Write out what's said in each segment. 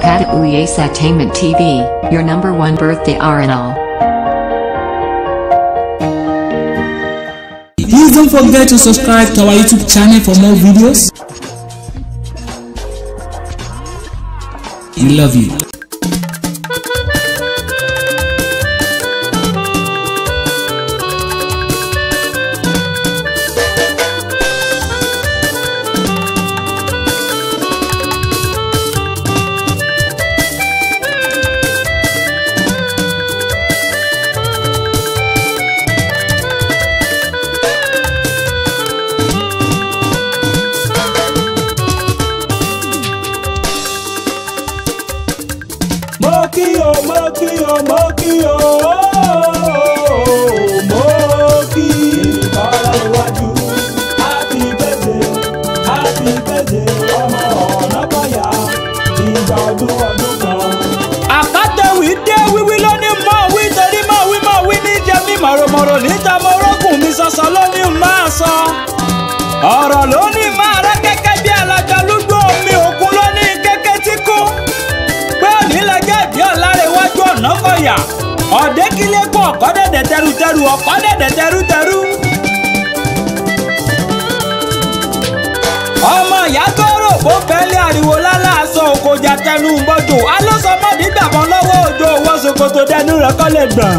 Pat at Uyes Attainment TV, your number one birthday RNL. Please don't forget to subscribe to our YouTube channel for more videos. We love you. mo kí o mo kí happy birthday happy birthday ọmọ ọ̀nà báyà ìgbà ọdún ọdún kan. àkàtẹ̀wì dé wíwí lónìí mọ́ wí tẹ̀lé mọ́ wí mọ́ wí ní jẹ́mi mọ̀rọ̀mọ̀rọ̀ níta mọ́rọ́kùn mi sọ́sọ́ lónìí máa sọ ọ̀rọ̀ lónìí. ọ̀kọ́ dẹ̀dẹ̀ tẹrutẹru ọ̀kọ́ dẹ̀dẹ̀ tẹrutẹru. ọmọ ìyá tó rò bó fẹ́lẹ́ ariwo lálá aṣọ òkòjà tẹnu bọ́jò alọ́sọmọdé gbàgbọ́n lọ́wọ́ òjò owó ṣòkòtò dẹnu rẹ̀ kọ́ lè gbọ̀n.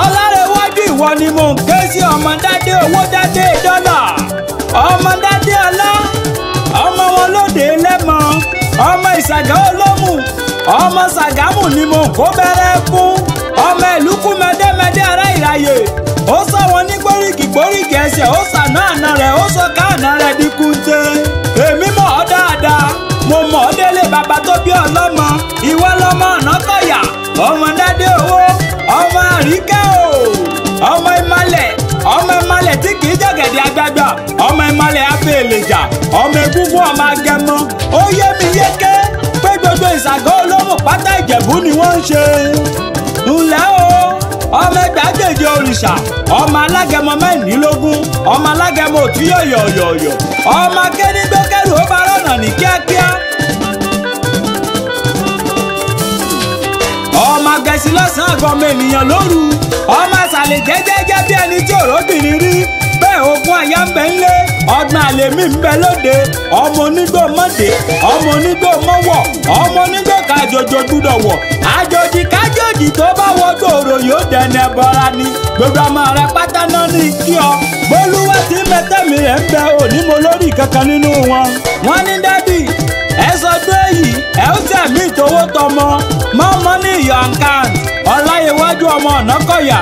ọlárẹ̀wájú ìwọ ni mò ń ké sí ọmọ dádé owó dádé dọ́là ọmọ dádé ọlá ọmọ wọn lóde lẹ́mọ ọmọ ìsàgá olómù ọmọ sàgámù ni mò ń kó bẹ̀rẹ̀ fún. ọmọ ìlú kú mẹdẹmẹdẹ ara ìráyè ó sọ wọn ní gbóríkì gbóríkì ẹsẹ̀ ó sànà àna rẹ̀ ó sọ káàna rẹ̀ di kúńté èmi mọ̀ ọ́ dáadáa mo mọ̀ ọ́ délé bàbá tó bí ọlọmọ ìwọ lọ́mọ ọ̀nà ọmọ owó ọmọ àríkẹ́ ọmọ ọmọ tí jọ̀gẹ̀dẹ̀ ọmọ ọmọ ọmọ agẹmọ ó yé mi gbogbo ìsàgọ́ pátá ìjẹ̀bú ni yọ òrìṣà ọmọ alágẹmọ mẹ́rìnlélógún ọmọ alágẹmọ òtún yọ̀yọ̀yọ̀yọ̀ ọmọ akẹ́nigbẹ́kẹ̀rù ó bá rọ̀nà ní kíákíá. ọmọ agẹ̀sí lọ́sàn-án àgọ́mọ ènìyàn lóru ọmọ àṣàlẹ̀ jẹ́jẹ́jẹ́ bí ẹni tí òróbìnrin rí bẹ́ẹ̀ ogún àyà ń bẹ ńlé ọgbọ́n àlèmí ń bẹ lóde ọmọ onígbò mọ́dé ọmọ onígbò mọ́wọ̀ ọmọ onígbò kájọjọ gbúdọ̀ wọ̀ àjọjì ká méjì tó bá wọ gbòòrò yóò dẹ̀nẹ̀ bọ́ra ni gbogbo ọmọ rẹ pátá náà ní kí ọ. bólúwà tí mẹtẹ́mi rẹ̀ ń bẹ òní mo lórí kankan nínú wọn. wọ́n ní dádì ẹ sọ dé yìí ẹ ó tẹ̀mí ìtòwó tọmọ mọ́mọ́ ní yọ̀ǹkan ọ̀la iwájú ọmọ ọ̀nà kọ̀yà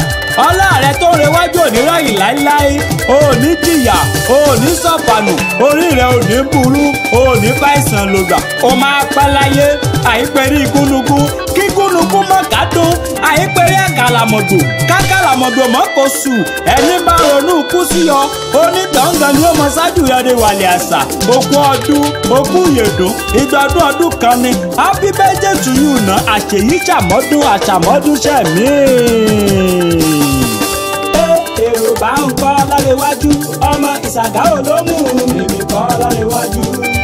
ọlá rẹ tó rẹwájú onírọ̀yìn láíláí òní jìyà òní sọ̀fànù orí rẹ òní burú òní báìsàn lògbà ó máa pẹ́ láyé àìpẹ́rí ikú làmọ̀dò káká làmọ̀dò mọ́kò sù ẹni bá ronú kú sí yọ onítọ̀ǹgàn ni ó mọ wàlẹ̀ àṣà okú ọdún okú yèdùn ìgbàdún ọdún kan ni happy birthday to you ná àṣèyí ṣàmọ́dún àṣàmọ́dún ṣẹ̀mí. èrò bá ń kọ́ ọmọ ìṣàgáwò ló mú un mímí kọ́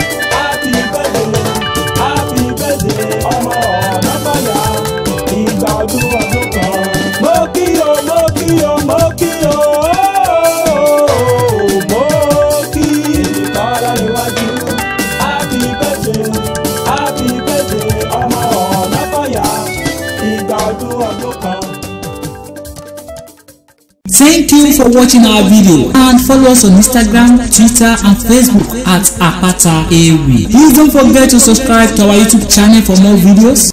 Thank you for watching our video and follow us on Instagram, Twitter, and Facebook at Apata Ewi. Please don't forget to subscribe to our YouTube channel for more videos.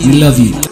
We love you.